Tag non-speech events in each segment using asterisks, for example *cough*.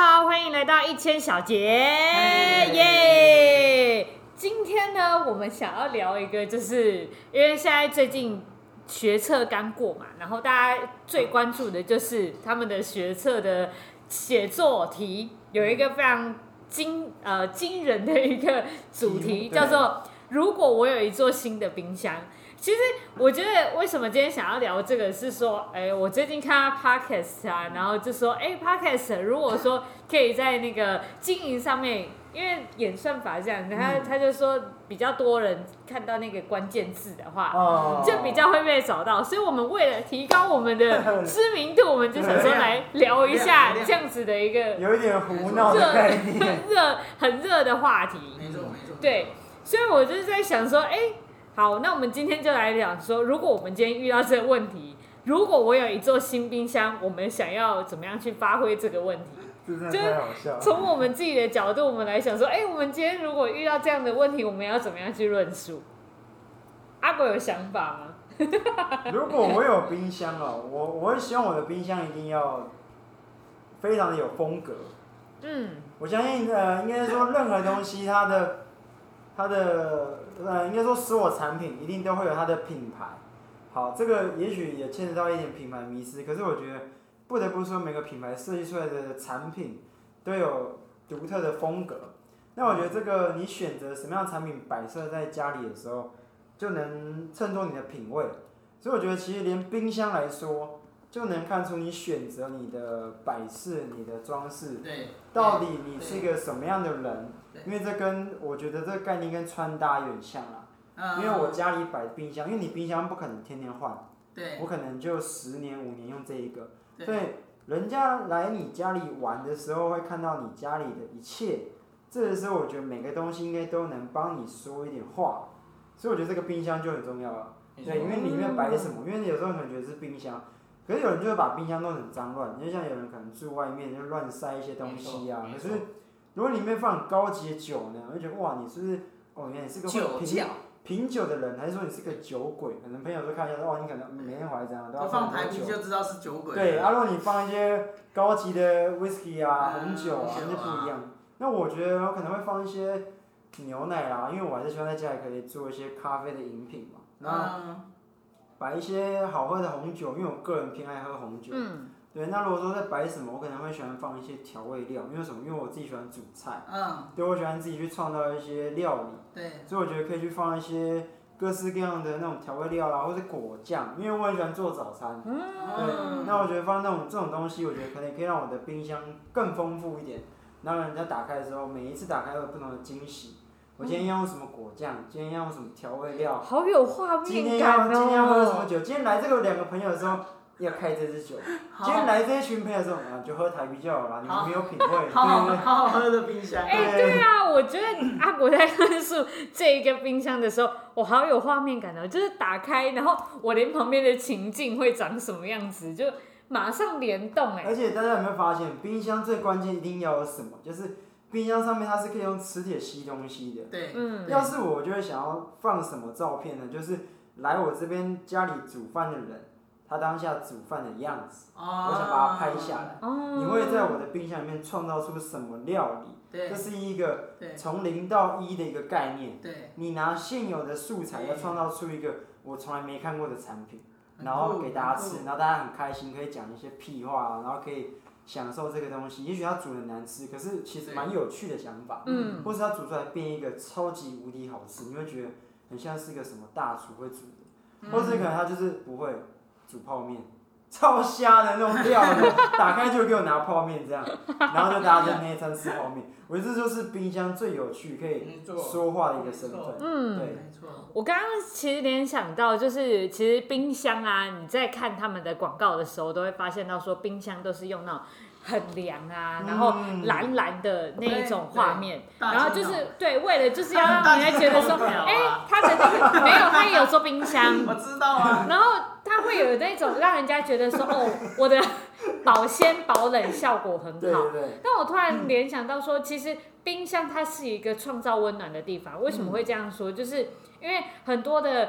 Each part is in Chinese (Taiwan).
好，歡迎來到一千小節，耶、嗯！Yeah! 今天呢，我們想要聊一個，就是因為現在最近學測剛過嘛，然後大家最關注的就是他們的學測的寫作題，有一個非常驚呃驚人的一個主題，叫做如果我有一座新的冰箱。其實我覺得為什麼今天想要聊這個是說，哎，我最近看到 podcast 啊，然後就說，哎，podcast 如果說可以在那個經營上面，因為演算法，這樣，然後他,、嗯、他就說比較多人看到那個關鍵字的話，哦、就比較會被找到。所以，我們為了提高我們的知名度呵呵，我們就想說來聊一下這樣子的一個熱，有點胡鬧的很 *laughs* 熱、很熱的話題。沒錯沒錯沒錯沒錯。對，所以我就在想說，哎。好，那我們今天就來講說，如果我們今天遇到這個問題，如果我有一座新冰箱，我們想要怎麼樣去發揮這個問題？真的就從我們自己的角度，我們來想說，哎、欸，我們今天如果遇到這樣的問題，我們要怎麼樣去論述？阿國有想法嗎？ *laughs* 如果我有冰箱哦，我我會希望我的冰箱一定要非常的有風格。嗯，我相信呃，應該是說任何東西它的。它的呃，應該說，所有產品一定都會有它的品牌。好，這個也許也牽扯到一點品牌迷失。可是我覺得，不得不說，每個品牌設計出來的產品都有獨特的風格。那我覺得，這個你選擇什麼樣的產品擺設在家裡的時候，就能襯托你的品味。所以我覺得，其實連冰箱來說。就能看出你選擇你的擺設、你的裝飾，到底你是一個什麼樣的人，因為這跟我覺得這概念跟穿搭有點像啊、嗯，因為我家裡擺冰箱，因為你冰箱不可能天天換，我可能就十年五年用這一個。對，所以人家來你家裡玩的時候會看到你家裡的一切，這個時候我覺得每個東西應該都能幫你說一點話，所以我覺得這個冰箱就很重要了。對，因為裡面擺什麼、嗯，因為有時候可能覺得是冰箱。可是有人就會把冰箱弄得很髒亂，就像有人可能住外面就亂塞一些東西啊。可是如果裡面放很高級的酒呢，我就覺得哇，你是不是哦，你是個啤酒，品酒的人，還是說你是個酒鬼？可能朋友都看一下哦，你可能每天晚上都要喝很多酒，就知道是酒鬼。對，而、啊、如果你放一些高級的 whisky 啊、紅、嗯、酒啊，那不一樣。那我覺得我可能會放一些牛奶啊，因為我還是希望在家裡可以做一些咖啡的飲品嘛。那、嗯擺一些好喝的紅酒，因為我個人偏愛喝紅酒。嗯。對，那如果說在擺什麼，我可能會喜歡放一些調味料，因為什麼？因為我自己喜歡煮菜。嗯。對，我喜歡自己去創造一些料理。對。所以我覺得可以去放一些各式各樣的那種調味料啦，或者果醬，因為我很喜歡做早餐。嗯。對，那我覺得放那種這種東西，我覺得可能可以讓我的冰箱更豐富一點。讓人家打開的時候，每一次打開都有不同的驚喜。我今天要用什麼果醬、嗯？今天要用什麼調味料？好有畫面感、哦今，今天要喝什麼酒？今天來這個兩個朋友的時候，要開這支酒。今天來這些群朋友的時候，我就喝台啤就好了。你們沒有品味。好好對好，好，喝的冰箱。哎、欸，對啊，我覺得阿伯在敘述這一個冰箱的時候，我好有畫面感、哦、就是打開，然後我連旁邊的情境會長什麼樣子，就馬上聯動哎。而且大家有沒有發現，冰箱最關鍵一定要有什麼？就是。冰箱上面它是可以用磁鐵吸東西的。對，嗯。要是我就會想要放什麼照片呢？就是來我這邊家裡煮飯的人，他當下煮飯的樣子、啊，我想把它拍下來。哦、啊。你會在我的冰箱裡面創造出什麼料理？對。這是一個從零到一的一個概念。對。你拿現有的素材，要創造出一個我從來沒看過的產品，然後給大家吃，然後大家很開心，可以講一些屁話，然後可以。享受這個東西，也許它煮得難吃，可是其實蠻有趣的想法，是嗯、或是它煮出來變一個超級無敵好吃，你會覺得很像是一個什麼大廚會煮的，嗯、或是可能他就是不會煮泡麵。超蝦的那種料的， *laughs* 打開就給我拿泡面這樣，然後就大家就那一餐吃泡面。 *laughs* 我覺得這就是冰箱最有趣可以說話的一個身份。嗯，對，沒錯、嗯。我剛剛其實聯想到，就是其實冰箱啊，你在看他們的廣告的時候，都會發現到說冰箱都是用那種。很涼啊，然後藍藍的那一種畫面，嗯，然後就是對，為了就是要讓人家覺得說，哎、啊欸，他曾經沒有，他也有做冰箱，我知道啊。然後他會有那種讓人家覺得說，哦，我的保鮮保冷效果很好。對對對，但我突然聯想到說，其實冰箱它是一個創造溫暖的地方。為什麼會這樣說？就是因為很多的。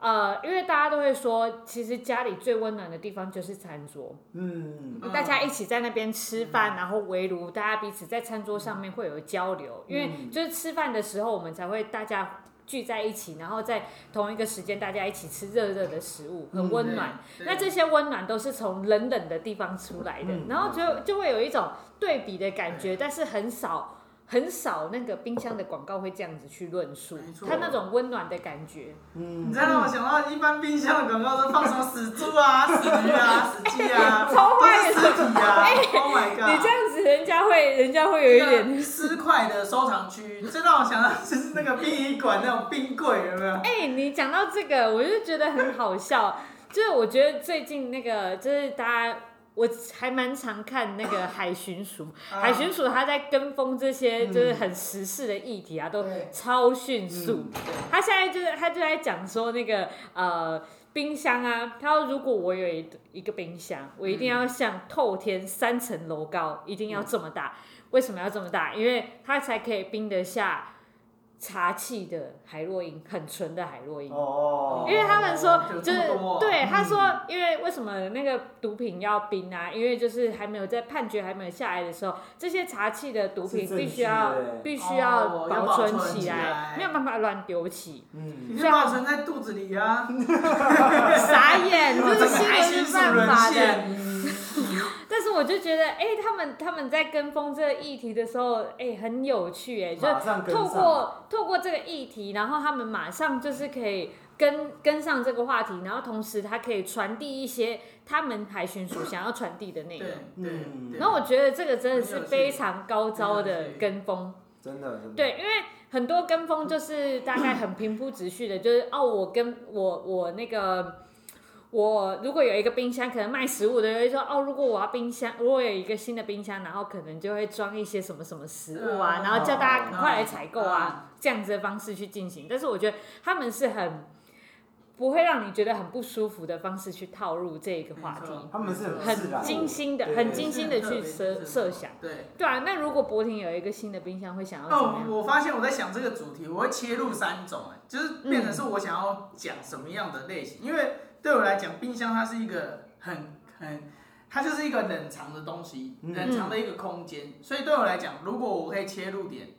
呃，因為大家都會說，其實家裡最溫暖的地方就是餐桌。嗯，大家一起在那邊吃飯、嗯，然後圍爐，大家彼此在餐桌上面會有交流。嗯、因為就是吃飯的時候，我們才會大家聚在一起，然後在同一個時間大家一起吃熱熱的食物和溫，很溫暖。那這些溫暖都是從冷冷的地方出來的，然後就就會有一種對比的感覺，但是很少。很少那個冰箱的廣告會這樣子去論述，它那種溫暖的感覺。嗯，你再讓我想到一般冰箱的廣告都放什麼死豬啊、 *laughs* 死魚啊、 *laughs* 死雞啊，欸、超壞的都是屍體啊、欸、！Oh my god！你這樣子，人家會，人家會有一點屍、這、塊、個、的收藏區，這讓我想到就是那個殯儀館那種冰櫃，有沒有？哎、欸，你講到這個，我就覺得很好笑。 *laughs* 就是我覺得最近那個，就是大家。我還蠻常看那個海巡署，啊，海巡署他在跟風這些就是很時事的議題啊，嗯、都超迅速。嗯嗯、他現在就是他就在講說那個呃冰箱啊，他說如果我有一一個冰箱，我一定要像透天三層樓高、嗯，一定要這麼大、嗯。為什麼要這麼大？因為它才可以冰得下。查緝的海洛因，很純的海洛因，因為他們說、oh, wow、就是對、嗯、他說，因為為什麼那個毒品要冰啊？因為就是還沒有在判決還沒有下來的時候，這些查緝的毒品必須要必須要保存起來，沒有辦法亂丟棄。嗯，最好存在肚子裡呀？傻眼，就是新聞，新聞法的。 *music* 但是我就覺得，哎、欸，他們他們在跟風這個議題的時候，哎、欸，很有趣、欸，哎，就透過，上上透、過透過這個議題，然後他們馬上就是可以跟跟上這個話題，然後同時他可以傳遞一些他們海巡署想要傳遞的內、那、容、個。對，對，對、嗯、對，然後我覺得這個真的是非常高招的跟風，真的是真的。對，因為很多跟風就是大概很平鋪直敘的， *coughs* 就是哦、啊，我跟我我那個。我如果有一個冰箱，可能賣食物的人會說哦，如果我要冰箱，如果有一個新的冰箱，然後可能就會裝一些什麼什麼食物啊，然後叫大家快來採購啊、嗯，這樣子的方式去進行。但是我覺得他們是很不會讓你覺得很不舒服的方式去套入這一個話題，他們是很，很精心的、很精心的去設設想。對對，對啊，那如果博婷有一個新的冰箱，會想要怎麼樣、哦？我發現我在想這個主題，我會切入三種、欸，哎，就是變成是我想要講什麼樣的類型，嗯、因為。對我來講，冰箱它是一個很很，它就是一個冷藏的東西，冷藏的一個空間。所以對我來講，如果我可以切入點。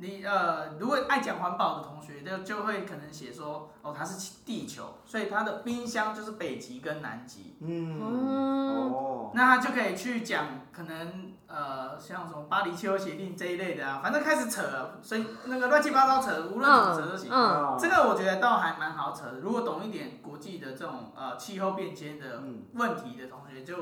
你呃，如果愛講環保的同學，就就會可能寫說，哦，它是地球，所以它的冰箱就是北極跟南極，嗯，嗯，哦，那他就可以去講可能呃，像什麼巴黎氣候協定這一類的啊，反正開始扯了，所以那個亂七八糟扯，無論怎麼扯都行，嗯嗯，這個我覺得倒還蠻好扯的，如果懂一點國際的這種呃氣候變遷的問題的同學就。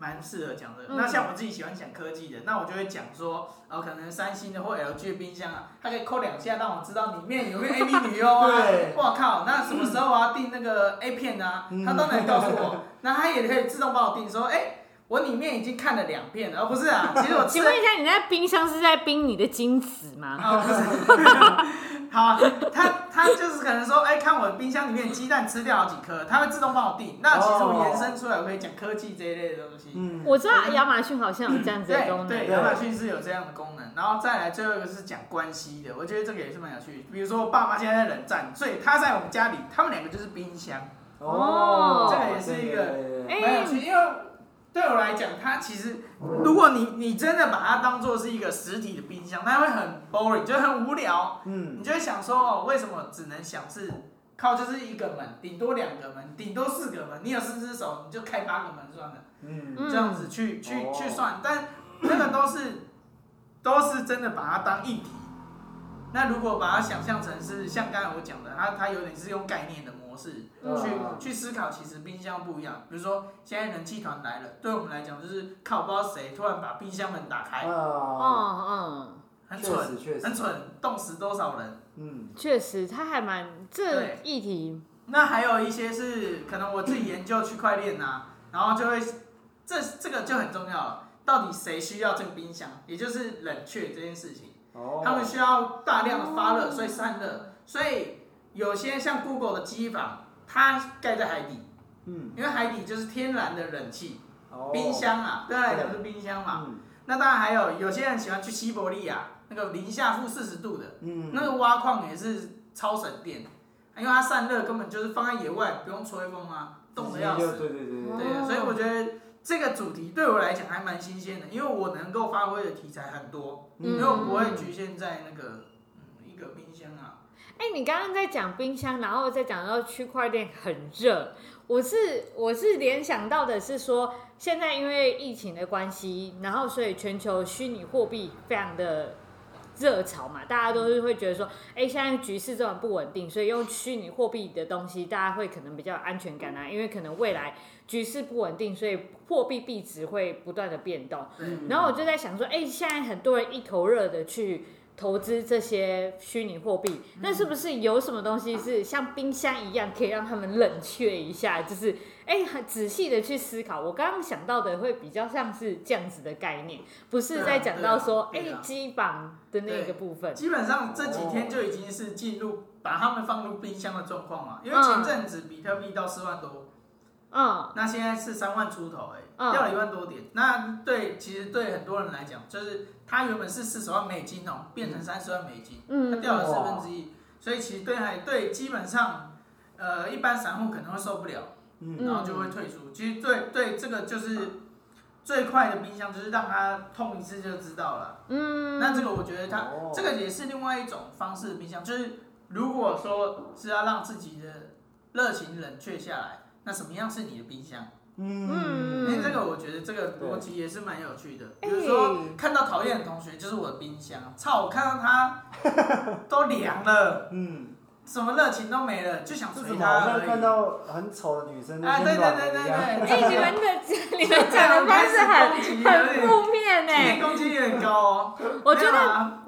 蠻適合講的、這個。嗯、那像我自己喜歡講科技的，那我就會講說，哦、呃，可能三星的或 LG 的冰箱啊，它可以扣兩下讓我知道裡面有個有 A 片喲啊。我靠，那什麼時候我要訂那個 A 片啊？嗯、他都能告訴我、嗯。那他也可以自動幫我訂，說，哎、欸，我裡面已經看了兩遍了，而、呃、不是啊。其實我了請問一下，你那冰箱是在冰你的精子嗎？哦 *laughs* 好，他他就是可能說，哎、欸，看我冰箱裡面雞蛋吃掉好幾顆，他會自動幫我訂。那其實我延伸出來，我可以講科技這一類的東西。嗯，我知道亞馬遜好像有這樣子的功能。對，亞馬遜是有這樣的功能。然後再來，最後一個是講關係的，我覺得這個也是蠻有趣，比如說，我爸媽現在在冷戰，所以他在我們家裡，他們兩個就是冰箱。哦，這個也是一個蠻有趣，因為。對我來講，它其實，如果你你真的把它當做是一個實體的冰箱，它會很 boring，就很無聊。嗯，你就會想說哦，為什麼只能想是靠就是一個門，頂多兩個門，頂多四個門。你有四只手，你就開八個門算了。嗯，這樣子去去、哦、去算，但這個都是都是真的把它當一體。那如果把它想象成是像剛才我講的，它它有點是用概念的模式去、嗯、去思考，其實冰箱不一樣。比如說現在人氣團來了，對我們來講就是靠不知道誰突然把冰箱門打開，哦、嗯、哦，很蠢，很蠢，凍死多少人？嗯，確實，它還蠻這議題。那還有一些是可能我自己研究區塊鏈吶，然後就會這這個就很重要了，到底誰需要這個冰箱，也就是冷卻這件事情。Oh, 他們需要大量的發熱，oh. 所以散熱，所以有些像 Google 的機房，它蓋在海底，嗯，因為海底就是天然的冷氣，oh. 冰箱啊，對，就是冰箱嘛，嗯。那當然還有有些人喜歡去西伯利亞，那個零下負四十度的，嗯，那個挖礦也是超省電，因為它散熱根本就是放在野外，不用吹風啊，凍得要死，對對對對，所以我覺得。這個主題對我來講還蠻新鮮的，因為我能夠發揮的題材很多，你、嗯、又不會局限在那個、嗯、一個冰箱啊。哎，你剛剛在講冰箱，然後再講到區塊鏈很熱，我是我是聯想到的是說，現在因為疫情的關係，然後所以全球虛擬貨幣非常的。熱潮嘛，大家都是會覺得說，哎、欸，現在局勢這麼不穩定，所以用虛擬貨幣的東西，大家會可能比較有安全感啊。因為可能未來局勢不穩定，所以貨幣幣值會不斷的變動。嗯嗯。然後我就在想說，哎、欸，現在很多人一頭熱的去投資這些虛擬貨幣，那是不是有什麼東西是像冰箱一樣，可以讓他們冷卻一下？就是。哎、欸，很仔細的去思考，我剛剛想到的會比較像是這樣子的概念，不是在講到說，哎、啊，基本、啊欸啊、的那個部分，基本上這幾天就已經是進入把它們放入冰箱的狀況嘛、哦，因為前陣子比特幣到四萬多，啊、嗯，那現在是三萬出頭、欸，哎、嗯，掉了一萬多點，那對，其實對很多人來講，就是它原本是四十萬美金哦，變成三十萬美金，嗯，它掉了四分之一，所以其實對對，基本上，呃，一般散戶可能會受不了。嗯、然後就會退出。其實最對，對，這個就是最快的冰箱，就是讓他痛一次就知道了。嗯，那這個我覺得他、哦、這個也是另外一種方式的冰箱，就是如果說是要讓自己的熱情冷卻下來，那什麼樣是你的冰箱？嗯，哎、嗯，因為這個我覺得這個邏輯也是蠻有趣的。比如、就是、說看到討厭的同學就是我的冰箱，操！我看到他都涼了。 *laughs* 嗯。什麼熱情都沒了，就想隨他而已。我好像看到很醜的女生啊對，對對對對對， *laughs* 你喜歡的你們講的應該是反擊，有點、欸、攻擊性很高、哦、我覺得、呃、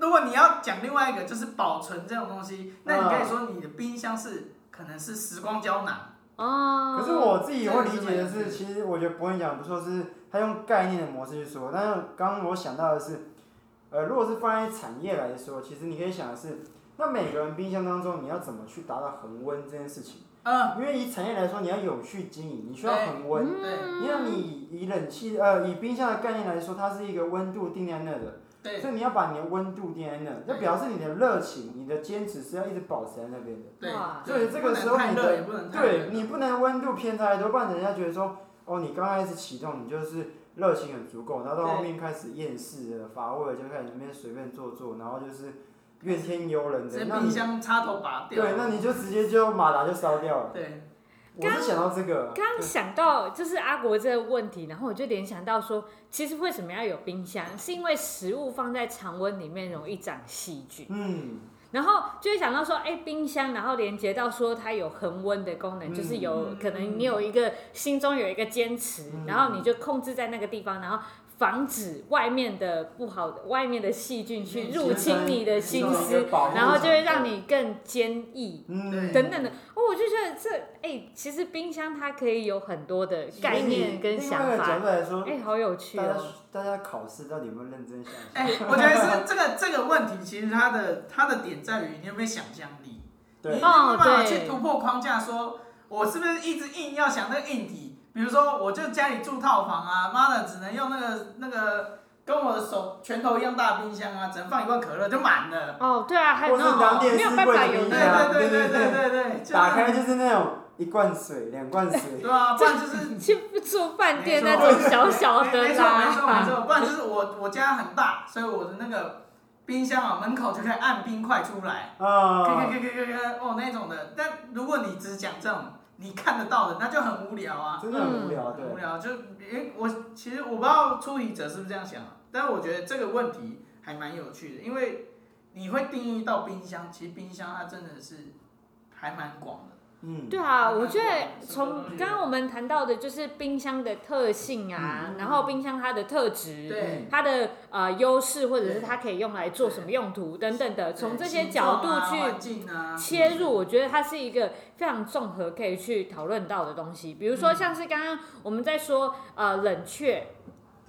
如果你要講另外一個，就是保存這種東西，那你可以說你的冰箱是、嗯、可能是時光膠囊。哦。可是我自己有理解的是，是是其實我覺得博宇講得不錯，是他用概念的模式去說。但是剛剛我想到的是，呃、如果是關於產業來說，其實你可以想的是。那每個人冰箱當中，你要怎麼去達到恆溫這件事情、呃？因為以產業來說，你要永續經營，你需要恆溫。因、欸、為你，你以冷氣，呃，以冰箱的概念來說，它是一個溫度定在那的、欸。所以你要把你的溫度定在那、欸，就表示你的熱情、欸、你的堅持是要一直保持在那邊的對。對。所以這個時候你的，對，不不對，你不能溫度偏太多，不然人家覺得說，哦，你剛開始啟動，你就是熱情很足夠，然後到後面開始厭世了、乏味了，就開始隨便做做，然後就是。怨天尤人的，冰箱插頭拔掉，對，那你就直接就馬達就燒掉了。對，剛我是想到這個，剛想到就是阿國這個問題，然後我就聯想到說，其實為什麼要有冰箱？是因為食物放在常溫裡面容易長細菌。嗯，然後就會想到說，哎，冰箱，然後連接到說它有恆溫的功能，嗯、就是有可能你有一個、嗯、心中有一個堅持、嗯，然後你就控制在那個地方，然後。防止外面的不好的、外面的細菌去入侵你的心思，然後就會讓你更堅毅，嗯，等等的。哦，我就覺得這哎、欸，其實冰箱它可以有很多的概念跟想法。反過來說，哎，好有趣。大家大家考試到底有沒有認真想？來？哎，我覺得是這個這個問題，其實它的它的點在於你有沒有想象力，對。對、哦、對，去突破框架說，說我是不是一直硬要想那個硬體。比如說，我就家裡住套房啊，媽的，只能用那個那個跟我的手拳頭一樣大的冰箱啊，只能放一罐可樂就滿了。哦，對啊，還、哦點哦、你有那種沒有辦法用的，對對對對對對。打開就是那種一罐水、兩罐水。對啊，不然就是去住飯店那種小小的那種。沒錯 *laughs* 沒錯錯 *laughs* 沒錯錯，不然 *laughs* 就是我我家很大，所以我的那個冰箱啊，門口就可以按冰塊出來。啊、哦。可以，可以可以可以。哦那種的，但如果你只講這種。你看得到的，那就很無聊啊，真的很無聊，嗯、對，很無聊。就誒、欸，我其實我不知道出題者是不是這樣想，但是我覺得這個問題還蠻有趣的，因為你會定義到冰箱，其實冰箱它真的是還蠻廣的。嗯、對啊，我覺得從剛剛我們談到的就是冰箱的特性啊，嗯嗯、然後冰箱它的特質，對，它的呃優勢，或者是它可以用來做什麼用途等等的，從這些角度去切入、啊啊，我覺得它是一個非常綜合可以去討論到的東西。比如說，像是剛剛我們在說呃冷卻。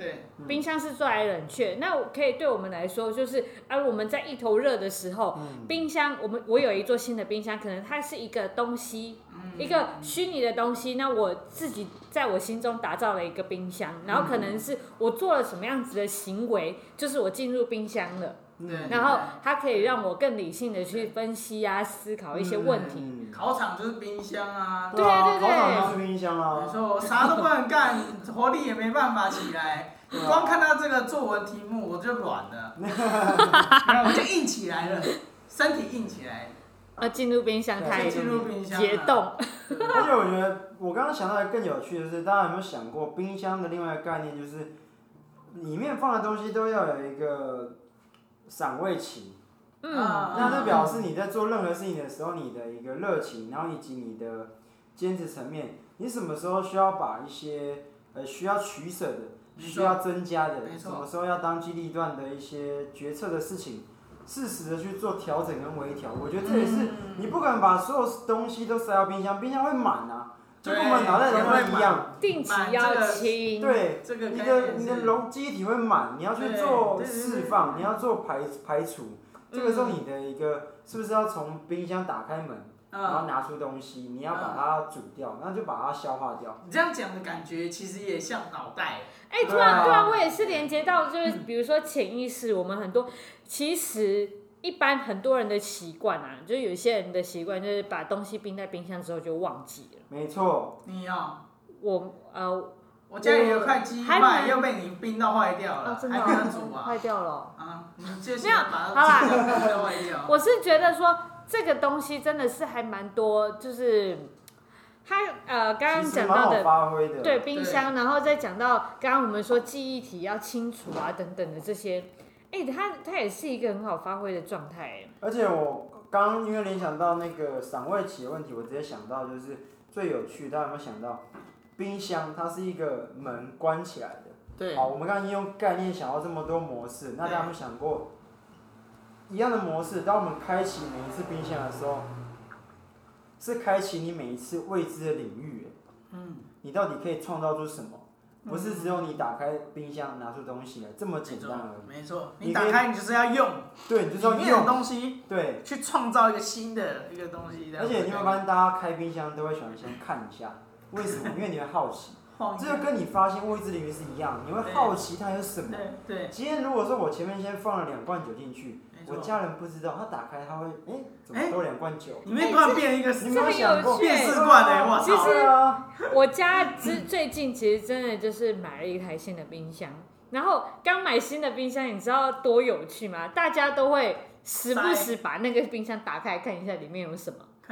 對、嗯，冰箱是做來冷卻。那可以對我們來說，就是而、啊、我們在一頭熱的時候，冰箱，我們我有一座新的冰箱，可能它是一個東西，一個虛擬的東西。那我自己在我心中打造了一個冰箱，然後可能是我做了什麼樣子的行為，就是我進入冰箱了。嗯、然後它可以讓我更理性的去分析啊，思考一些問題、嗯嗯。考場就是冰箱啊！對啊，對啊考場就是冰箱啊！你說我啥都不能幹， *laughs* 活力也沒辦法起來、啊。光看到這個作文題目我就軟了， *laughs* *laughs* 我就硬起來了， *laughs* 身體硬起來，啊，進入冰箱開，太進入冰箱了、啊，解凍。 *laughs* 而且我覺得我剛剛想到的更有趣的是，大家有沒有想過冰箱的另外一個概念就是，裡面放的東西都要有一個。賞味期，那這表示你在做任何事情的時候，你的一個熱情，然後以及你的堅持層面，你什麼時候需要把一些呃需要取捨的，需要增加的，什麼時候要當機立斷的一些決策的事情，適時的去做調整跟微調，我覺得這也是、嗯、你不可能把所有東西都塞到冰箱，冰箱會滿啊。就跟我們腦袋容量一樣，定期要清這個對、這個，你的你的容積體會滿，你要去做釋放，釋放、就是，你要做排排除，嗯，這個時候你的一個是不是要從冰箱打開門，嗯，然後拿出東西，你要把它煮掉，那，嗯、就把它消化掉。你這樣講的感覺其實也像腦袋。哎，欸、嗯，對啊突然，我也是連接到就是比如說潛意識，我們很多、嗯、其實。一般很多人的習慣啊，就有些人的習慣就是把東西冰在冰箱之後就忘記了。沒錯。你要、哦、我呃，我家裡有塊雞排，又被你冰到壞掉了，哦、真的嗎？還不能煮壞、啊、掉了、哦。啊，你就先把它冰掉， *laughs* 我是覺得說這個東西真的是還蠻多，就是他呃剛剛講到的，的對冰箱對，然後再講到剛剛我們說記憶體要清除啊等等的這些。誒、欸，他他也是一個很好發揮的狀態。而且我剛剛因為聯想到那個“賞味期”的問題，我直接想到就是最有趣，大家有沒有想到？冰箱它是一個門關起來的。對。好，我們剛剛用概念想到這麼多模式，那大家有沒有想過一樣的模式？當我們開啟每一次冰箱的時候，是開啟你每一次未知的領域。嗯。你到底可以創造出什麼？不是只有你打開冰箱拿出東西來這麼簡單而已。沒錯，你打開你就是要用。對，你就是要用。東西對去創造一個新的一個東西。而且你會發現，大家開冰箱都會喜歡對對對，先看一下，為什麼？對對對，因為你會好奇。對對對，這就跟你發現未知領域是一樣，對對對，你會好奇它有什麼。對、對。今天如果說我前面先放了兩罐酒進去。我家人不知道，他打開他會，哎、欸，怎麼多兩罐酒，裡面突然變一個，變四罐哎、欸！我操！其實我，、啊、我家之 *laughs* 最近其實真的就是買了一台新的冰箱，然後剛買新的冰箱，你知道多有趣嗎？大家都會時不時把那個冰箱打開看一下裡面有什麼。 *laughs*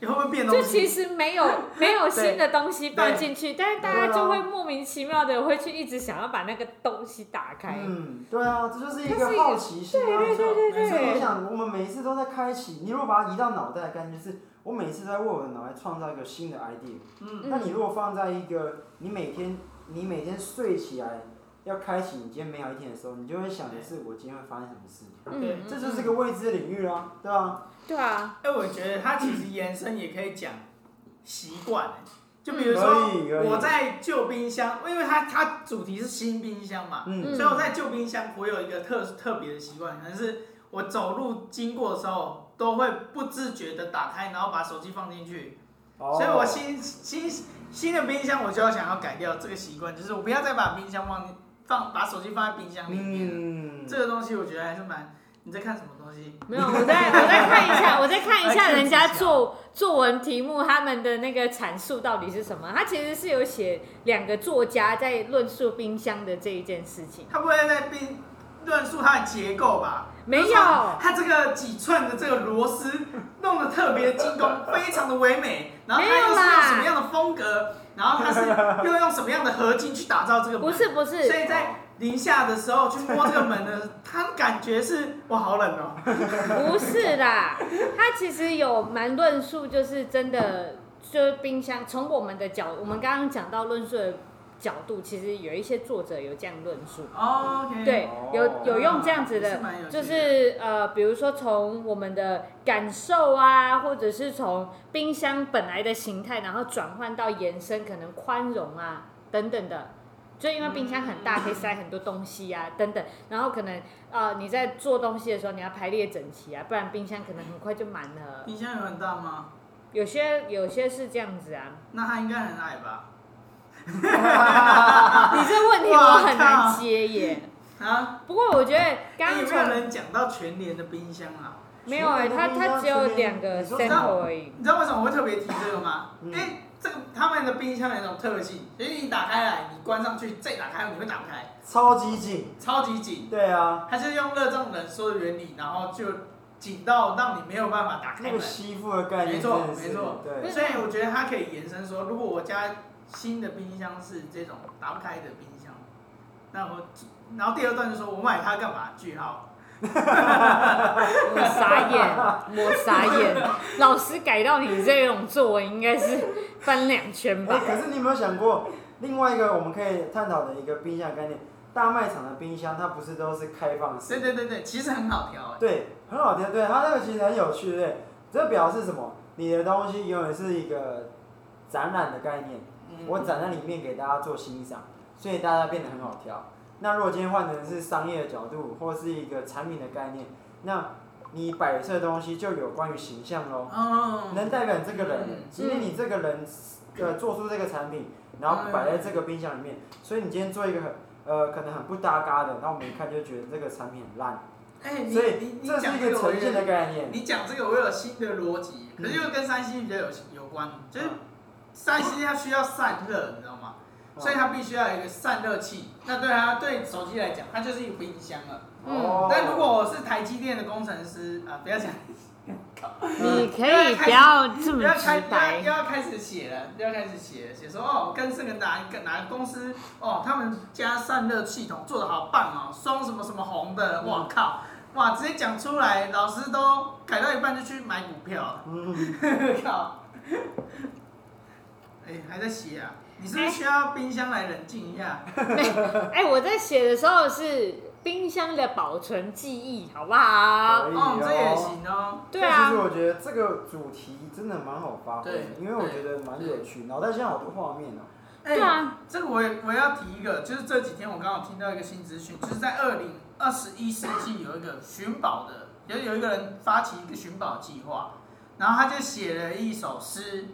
會，會變東西， *laughs* 其實沒有沒有新的東西放進去， *laughs* 對對對啊、但是大家就會莫名其妙的會去一直想要把那個東西打開。嗯，對啊，這就是一個好奇心啊。對對，對對對對。所以我想我們每一次都在開啟。你如果把它移到腦袋，感覺是我每次在為我的腦袋創造一個新的 idea。嗯嗯。那你如果放在一個，你每天你每天睡起來，要開啟你今天美好一天的時候，你就會想的是我今天會發生什麼事情，對，這就是個未知領域咯、啊，對啊，對啊，哎、欸，我覺得它其實延伸也可以講習慣，就比如說我在舊冰箱，因為它它主題是新冰箱嘛，嗯，所以我在舊冰箱，我有一個特特別的習慣，但是我走路經過的時候都會不自覺的打開，然後把手機放進去，哦，所以我新新新的冰箱，我就要想要改掉這個習慣，就是我不要再把冰箱放進。放，把手機放在冰箱裡面、嗯，這個東西我覺得還是蠻……你在看什麼東西？沒有、我在，我在看一下，我在看一下 *laughs* 人家作作文題目他們的那個闡述到底是什麼。他其實是有寫兩個作家在論述冰箱的這一件事情。他不會在冰論述它的結構吧？沒有、就是他，他這個幾寸的這個螺絲弄得特別精工，非常的唯美。然後他又是用什麼樣的風格？然後它是又用什麼樣的合金去打造這個門？不是不是，所以在零下的時候去摸這個門呢，他感覺是哇好冷哦。不是啦，他其實有蠻論述，就是真的，就是冰箱從我們的角，我們剛剛講到論述的角度其實有一些作者有這樣論述，oh, okay. 對，有有用這樣子的，哦、是的就是呃，比如說從我們的感受啊，或者是從冰箱本來的形態，然後轉換到延伸，可能寬容啊等等的，就因為冰箱很大，嗯、可以塞很多東西啊等等，然後可能啊、呃，你在做東西的時候你要排列整齊啊，不然冰箱可能很快就滿了。冰箱有很大嗎？有些有些是這樣子啊。那他應該很矮吧？ *laughs* 啊、你這問題我很難接耶啊，嗯、啊！不過我覺得剛剛有，有人講到全聯的冰箱啊，箱沒有他、欸、它它只有兩個生活，你知道為什麼我會特別提這個嗎？ *laughs* 因為這個他們的冰箱有一種特性，就是你打開來，你關上去，再打開你會打不開，超級緊，超級緊。對啊，它是用熱脹冷縮的原理，然後就緊到讓你沒有辦法打開門。吸附的概念沒錯沒錯對，所以我覺得它可以延伸說，如果我家，新的冰箱是這種打不開的冰箱，那我，然後第二段就說我買它幹嘛？句號，我 *laughs* 傻眼，我 *laughs* 傻眼，老師改到你這種作文應該是翻兩圈吧，欸。可是你有沒有想過，另外一個我們可以探討的一個冰箱概念，大賣場的冰箱它不是都是開放式的？對對對對，其實很好調哎，欸。對，很好調，對它那個其實很有趣，對，這表示什麼？你的東西永遠是一個展覽的概念。我展在裡面給大家做欣賞，所以大家變得很好挑。那如果今天換成是商業的角度，或是一個產品的概念，那你擺設的東西就有關於形象咯。哦。能代表你這個人，因、嗯、為你這個人、嗯、呃做出這個產品，然後擺在這個冰箱裡面、嗯，所以你今天做一個很呃可能很不搭嘎的，那我們一看就覺得這個產品很爛。哎、欸，你講，所以這是一個呈現的概念。你講這個我有新的邏輯，可是又跟三星比較有有關，就是三星它需要散熱，你知道嗎？所以它必須要有一個散熱器。那對啊，對手機來講，它就是一個冰箱了。哦、嗯。但如果我是台積電的工程師啊、呃，不要講。你可以，呵呵可以開不要這麼直白。又要，要，要開始寫了，又要開始寫了，寫說哦，跟這個哪一哪公司哦，他們家散熱系統做得好棒哦，雙什麼什麼紅的，我靠！哇，直接講出來，老師都改到一半就去買股票了。嗯，呵呵靠。欸、還在寫啊？你是不是需要冰箱來冷靜一下？哎、欸 *laughs* 欸，我在寫的時候是冰箱的保存記憶，好不好？可以哦、嗯、這也行哦。對啊，其實我覺得這個主題真的蠻好發揮，因為我覺得蠻有趣，腦袋現在好多畫面哦、啊。對啊，欸、這個我我要提一個，就是這幾天我剛好聽到一個新資訊，就是在二零二十一世紀有一個尋寶的，有有一個人發起一個尋寶計劃，然後他就寫了一首詩。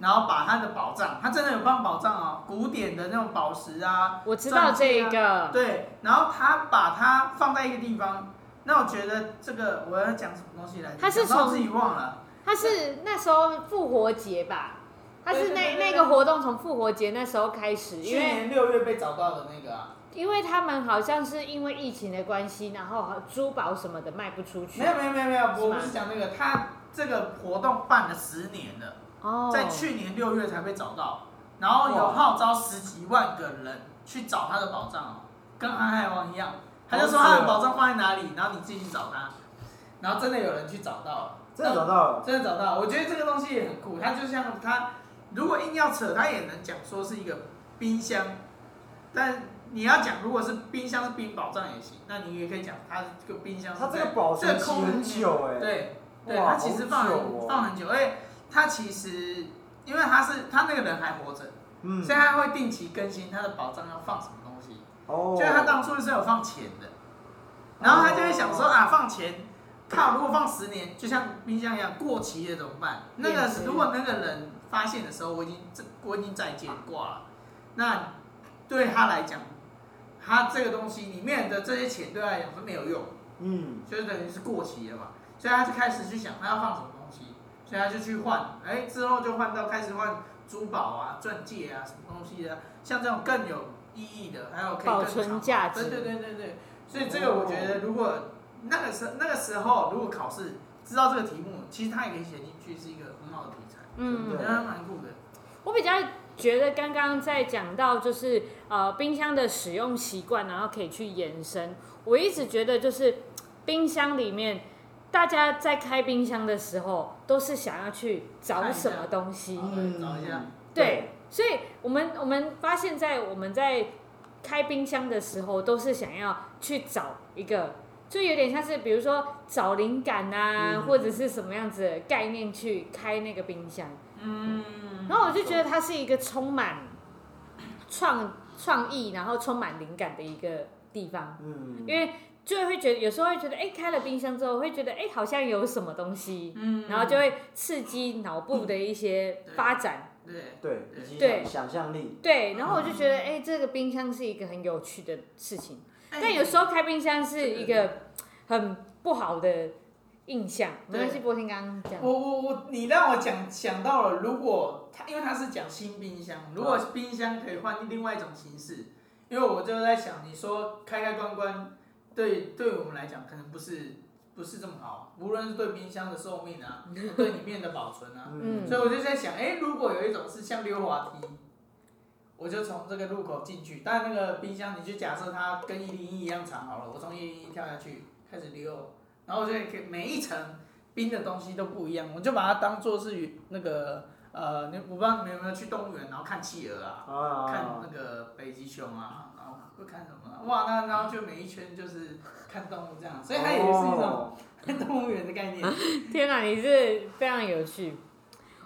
然後把他的寶藏，他真的有放寶藏哦，古典的那種寶石啊。我知道這一個。對，然後他把它放在一個地方。那我覺得這個我要講什麼東西來講？他是從自己忘了他。他是那時候復活節吧？他是那那，那個活動從復活節那時候開始。因為去年六月被找到的那個、啊。因為他們好像是因為疫情的關係，然後珠寶什麼的賣不出去、啊。沒有沒有沒有沒有，我不是講那、這個，他這個活動辦了十年了。Oh. 在去年六月才被找到，然後有號召十幾萬個人去找他的寶藏哦，跟航海王一樣，他就說他的寶藏放在哪裡，然後你自己去找他，然後真的有人去找到了，真的找到了，真的找到了。我覺得這個東西也很酷，他就像他如果硬要扯，他也能講說是一個冰箱，但你要講如果是冰箱的冰寶藏也行，那你也可以講它這個冰箱它這個這個空很久哎，對對，它其實放放很久哎。他其實，因為他是他那個人還活着。嗯，所以他會定期更新他的寶藏要放什麼東西。哦。就是他當初是有放錢的，然後他就會想說。哦。啊，放錢，靠，如果放十年，就像冰箱一樣過期了怎麼辦？那個如果那個人發現的時候，我已經我已經再見掛了，那對他來講，他這個東西裡面的這些錢對他來講是沒有用，嗯，所以等於是過期了嘛，所以他就開始去想他要放什麼。現在就去換，哎、欸，之後就換到開始換珠寶啊、鑽戒啊、什麼東西的、啊，像這種更有意義的，還有可以更保存價值，對對對對所以這個我覺得，如果那個時候那個時候如果考試知道這個題目，其實它也可以寫進去，是一個很好的題材，嗯，對不對？蠻酷的。我比較覺得剛剛在講到就是呃冰箱的使用習慣，然後可以去延伸。我一直覺得就是冰箱裡面。大家在開冰箱的時候，都是想要去找什麼東西，嗯，找一下，對，對，所以，我們我們發現在我們在開冰箱的時候，都是想要去找一個，就有點像是，比如說找靈感啊，嗯，或者是什麼樣子的概念去開那個冰箱，嗯，然後我就覺得它是一個充滿創創意，然後充滿靈感的一個地方，嗯，嗯，嗯，因為。就會覺得有時候會覺得，哎，開了冰箱之後，會覺得，哎，好像有什麼東西，嗯，然後就會刺激腦部的一些發展，嗯、對對，對，對，對以及想，對想象力，對、嗯。然後我就覺得，哎，這個冰箱是一個很有趣的事情，哎，但有時候開冰箱是一個很不好的印象。哎嗯、印象沒關係，波天剛剛講。我我我，你讓我講想，想到了，如果他因為他是講新冰箱，如果冰箱可以換另外一種形式，因為我就在想，你說開開關關。對，對我們來講可能不是不是這麼好，無論是對冰箱的壽命啊，對裡面的保存啊，嗯，所以我就在想，誒，如果有一種是像溜滑梯，我就從這個入口進去，但那個冰箱你就假設它跟一零一一樣長好了，我從一零一跳下去開始溜，然後我就可以每一層冰的東西都不一樣，我就把它當做是與那個呃，你我不知道你們有沒有去動物園，然後看企鵝啊，啊啊，看那個北極熊啊。會看什麼了、啊？哇，那然後就每一圈就是看動物這樣，所以它也是一種看動物園的概念。哦啊、天哪、啊，你是非常有趣。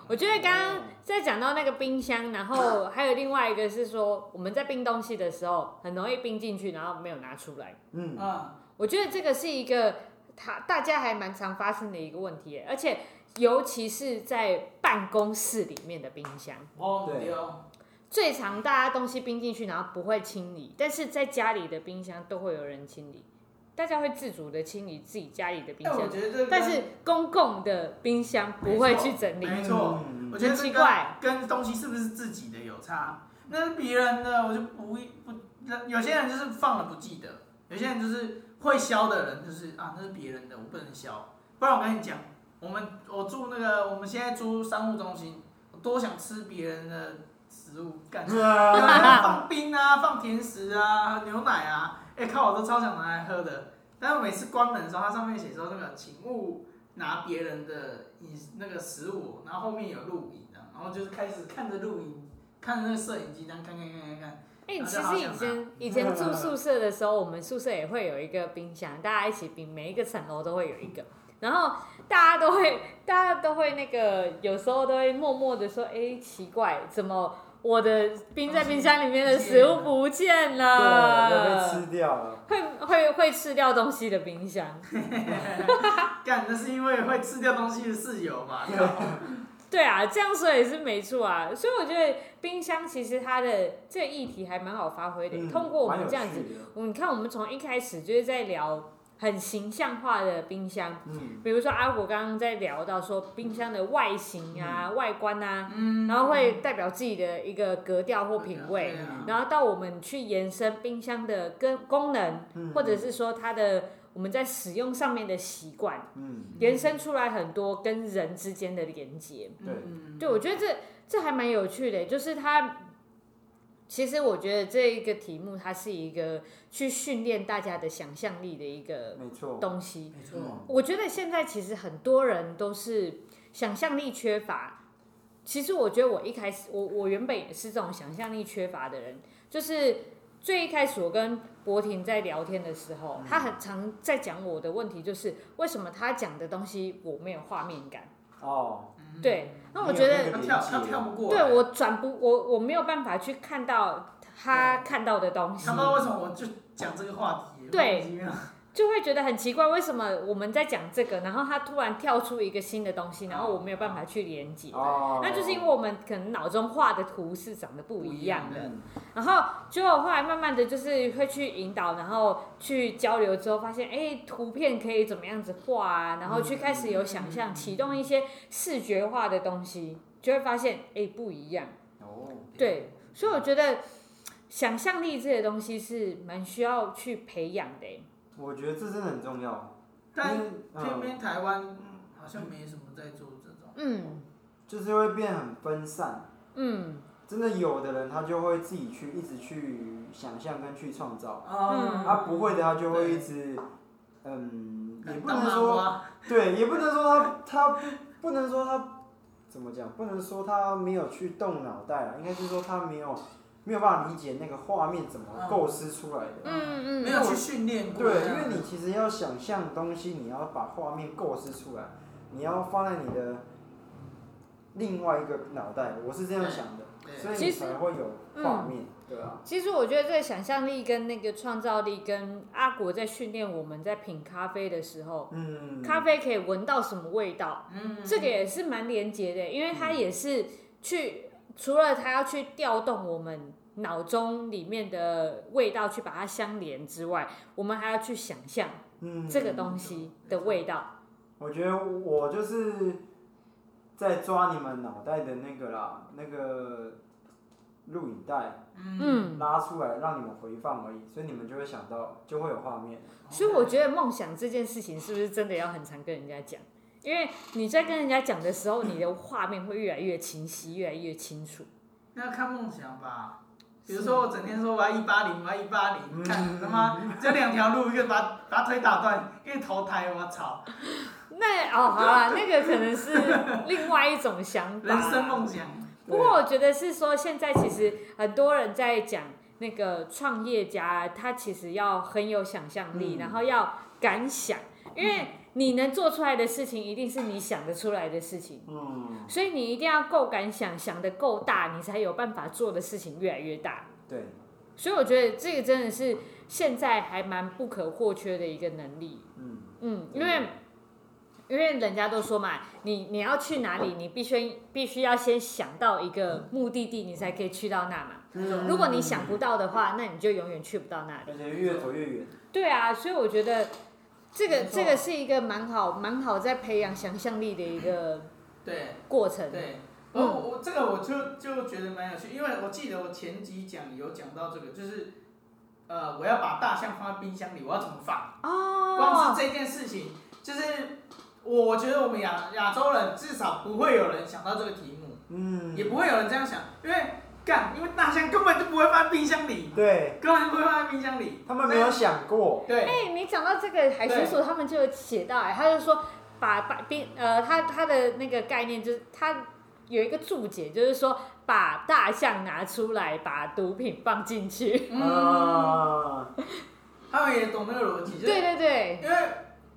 我覺得剛剛在講到那個冰箱，然後還有另外一個是說我們在冰東西的時候很容易冰進去，然後沒有拿出來。嗯，嗯，我覺得這個是一個他大家還蠻常發生的一個問題，而且尤其是在辦公室裡面的冰箱，哦，對哦。最常大家東西冰進去，然後不會清理，但是在家裡的冰箱都會有人清理，大家會自主的清理自己家裡的冰箱。欸、我覺得這個，但是公共的冰箱不會去整理。沒錯、嗯，我覺得奇怪。跟東西是不是自己的有差？那是別人的，我就不不。有些人就是放了不記得，有些人就是會削的人就是啊，那是別人的，我不能削。不然我跟你講，我們我住那個，我們現在租商務中心，我多想吃別人的。食物幹什麼，放 *laughs* 冰啊，放甜食啊，牛奶啊，哎、欸，靠，我都超想拿來喝的。但是我每次關門的時候，它上面寫說那個，請勿拿別人的飲那個食物，然後後面有錄影的，然後就是開始看着錄影，看着那個攝影機，然後看，看看看看看。哎、欸，其實以前以前住宿舍的時候、嗯，我們宿舍也會有一個冰箱，嗯、大家一起冰，每一個層樓都會有一個。嗯然後大家都會，大家都會那個，有時候都會默默的說，哎，奇怪，怎麼我的冰在冰箱裡面的食物不見了？對，都被吃掉了。會會會吃掉東西的冰箱。 *laughs* 幹，那是因為會吃掉東西的室友嘛對，對啊，這樣說也是沒錯啊。所以我覺得冰箱其實它的這個議題還蠻好發揮的、嗯。通過我們這樣子，你看我們從一開始就是在聊。很形象化的冰箱，比如說阿、啊、果剛剛在聊到說冰箱的外形啊、嗯、外觀啊、嗯，然後會代表自己的一個格調或品味、嗯，然後到我們去延伸冰箱的跟功能、嗯，或者是說它的我們在使用上面的習慣，嗯、延伸出來很多跟人之間的連接。對、嗯，對我覺得這這還蠻有趣的，就是它。其實我覺得這一個題目，它是一個去訓練大家的想象力的一個東西沒錯、嗯。沒錯，我覺得現在其實很多人都是想象力缺乏。其實我覺得我一開始，我我原本也是這種想象力缺乏的人。就是最一開始我跟博婷在聊天的時候，他很常在講我的問題，就是為什麼他講的東西我沒有畫面感？哦。 *noise* 對，那我覺得，他他跳，他跳不過他。對，我轉不，我我沒有辦法去看到他看到的東西。看到為什麼我就講這個話題？ *noise* 對。就會覺得很奇怪，為什麼我們在講這個，然後他突然跳出一個新的東西，然後我沒有辦法去連接，oh, oh, oh, oh, oh. 那就是因為我們可能腦中畫的圖是長得不一樣的。然後就後來慢慢的就是會去引導，然後去交流之後，發現哎，圖片可以怎麼樣子畫啊？然後去開始有想象，啟動一些視覺化的東西，就會發現哎不一樣。哦，oh, okay. 對，所以我覺得想象力這些東西是蠻需要去培養的。我覺得這真的很重要，但偏偏台灣、嗯嗯、好像沒什麼在做這種。嗯，就是會變很分散。嗯，真的有的人他就會自己去一直去想象跟去創造。哦、嗯。他、啊、不會的，他就會一直，嗯，也不能說，對， *laughs* 也不能說他他不能說他怎麼講，不能說他沒有去動腦袋啦，應該是說他沒有。沒有辦法理解那個畫面怎麼構思出來的，嗯嗯、嗯，沒有去訓練過，對、對、啊，因為你其實要想象東西，你要把畫面構思出來，你要放在你的另外一個腦袋，我是這樣想的，所以你才會有畫面，嗯，對啊。其實我覺得這個想象力跟那個創造力，跟阿國在訓練我們在品咖啡的時候，嗯、咖啡可以聞到什麼味道，嗯、這個也是蠻連結的，嗯、因為它也是去。除了他要去調動我們腦中裡面的味道去把它相連之外，我們還要去想象這個東西的味道，嗯。我覺得我就是在抓你們腦袋的那個啦，那個錄影帶，嗯，拉出來讓你們回放而已，所以你們就會想到，就會有畫面。所以我覺得夢想這件事情，是不是真的要很常跟人家講？因為你在跟人家講的時候，你的畫面會越來越清晰， *coughs* 越來越清楚。那要看夢想吧，比如說我整天說我要一八零，我要一八零，看什麼這兩條路，一個把把腿打斷，一個投胎，我操！那哦，好啊， *laughs* 那個可能是另外一種想法。 *laughs* 人生夢想。不過我覺得是說，現在其實很多人在講那個創業家，他其實要很有想象力，嗯，然後要敢想。因為你能做出來的事情，一定是你想得出來的事情。嗯，所以你一定要夠敢想，嗯，想得夠大，你才有辦法做的事情越來越大。對。所以我覺得這個真的是現在還蠻不可或缺的一個能力。嗯嗯，因為因為人家都說嘛，你，你你要去哪裡，你必須必須要先想到一個目的地，你才可以去到那嘛。如果你想不到的話，那你就永遠去不到那裡。而且越走越遠。對啊，所以我覺得。這個這個是一個蠻好蠻好在培養想象力的一個對過程對，對、哦，嗯，我這個我就就覺得蠻有趣，因為我記得我前幾講有講到這個，就是呃，我要把大象放在冰箱裡，我要怎麼放？哦，光是這件事情，就是我覺得我們亞亞洲人至少不會有人想到這個題目，嗯，也不會有人這樣想，因為。幹，因為大象根本就不會放在冰箱裡，對，根本就不會放在冰箱裡，他們沒有想過。對，哎、欸，你講到這個海豚鼠，他們就有寫到，哎，他就說把把冰，呃，他他的那個概念就是，他有一個注解，就是說把大象拿出來，把毒品放進去。嗯， *laughs* 他們也懂那個邏輯，就，對對對，因為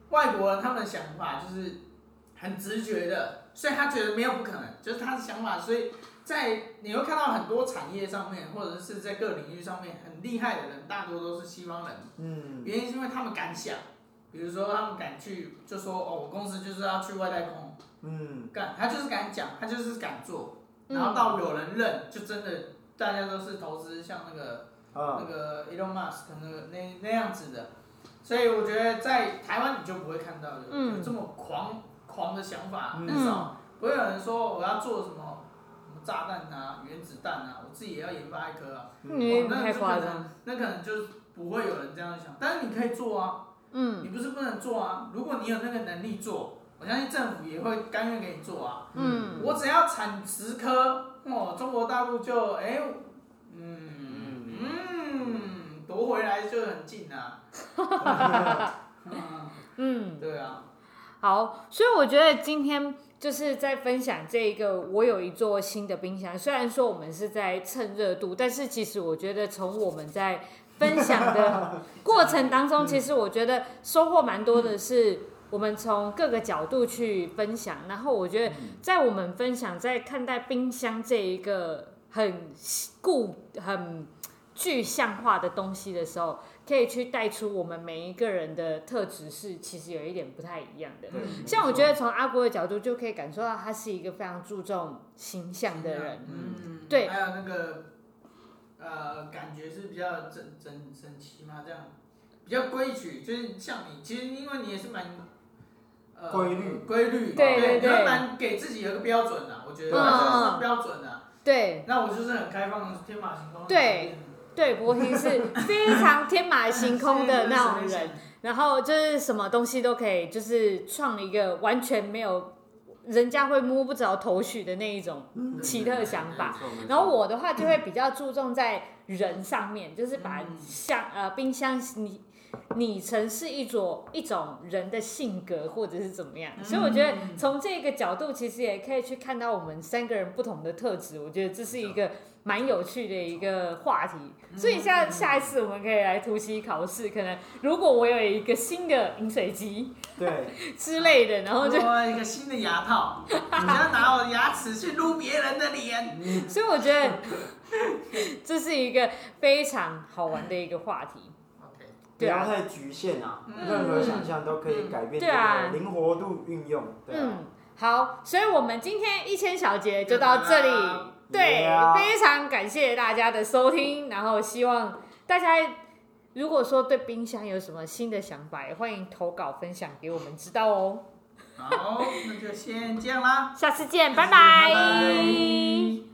外國人他們的想法就是很直覺的，所以他覺得沒有不可能，就是他的想法，所以。在你會看到很多產業上面，或者是在各領域上面很厲害的人，大多都是西方人。嗯。原因是因為他們敢想，比如說他們敢去，就說哦，我公司就是要去外太空。嗯。幹，他就是敢講，他就是敢做，然後到有人認，就真的大家都是投資像那個，那個 Elon Musk 那個那那樣子的。所以我覺得在台灣你就不會看到有這麼狂狂的想法，很少，不會有人說我要做什麼。炸彈啊，原子彈啊，我自己也要研發一顆啊。哦、嗯，那誇張了。那可能就不會有人這樣想，但是你可以做啊。嗯。你不是不能做啊？如果你有那個能力做，我相信政府也會甘願給你做啊。嗯。我只要產十顆，哦，中國大陸就哎、欸，嗯嗯奪回來就很近啊。 *laughs* *laughs* 嗯。對啊。好，所以我覺得今天。就是在分享這一個，我有一座新的冰箱。雖然說我們是在蹭熱度，但是其實我覺得從我們在分享的過程當中， *laughs* 其實我覺得收穫蠻多的。是，我們從各個角度去分享，然後我覺得在我們分享在看待冰箱這一個很固很具象化的東西的時候，可以去帶出我們每一個人的特質是，其實有一點不太一樣的。嗯、像我覺得從阿國的角度就可以感受到，他是一個非常注重形象的人，啊。嗯，對。還有那個呃，感覺是比較整整整齊嘛，這樣比較規矩。就是像你，其實因為你也是蠻規、呃、律規律，對對對，蠻給自己有一個標準的，啊，我覺得、嗯、是標準的，啊。對。那我就是很開放的，天馬行空。對。 *laughs* 對，伯婷是非常天馬行空的那種人，然後就是什麼東西都可以，就是創一個完全沒有人家會摸不着頭緒的那一種奇特想法。然後我的話就會比較注重在人上面，就是把箱呃冰箱你暱稱是一種一種人的性格，或者是怎麼樣，嗯、所以我覺得從這個角度其實也可以去看到我們三個人不同的特質。我覺得這是一個蠻有趣的一個話題。嗯嗯嗯、所以下下一次我們可以來突襲考試。可能如果我有一個新的飲水機，對之類的，然後就我有一個新的牙套， *laughs* 你要拿我的牙齒去擼別人的臉。所以我覺得 *laughs* 這是一個非常好玩的一個話題。不、啊、要太局限啊，啊，任何想象都可以改變這個靈活度運用對、啊對啊。嗯，好，所以我們今天一千小節就到這裡。嗯啊、對、嗯啊，非常感謝大家的收聽，然後希望大家如果說對冰箱有什麼新的想法，歡迎投稿分享給我們知道哦。好， *laughs* 那就先這樣啦，下次見，下次見拜拜。拜拜。